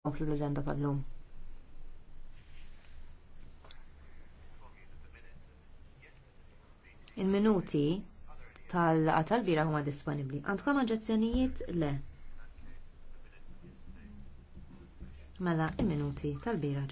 għom l leġenda tal-lum. Il-minuti tal-qatal huma disponibli. Għandkom oġġezzjonijiet? Le. Mela, il-minuti tal-bira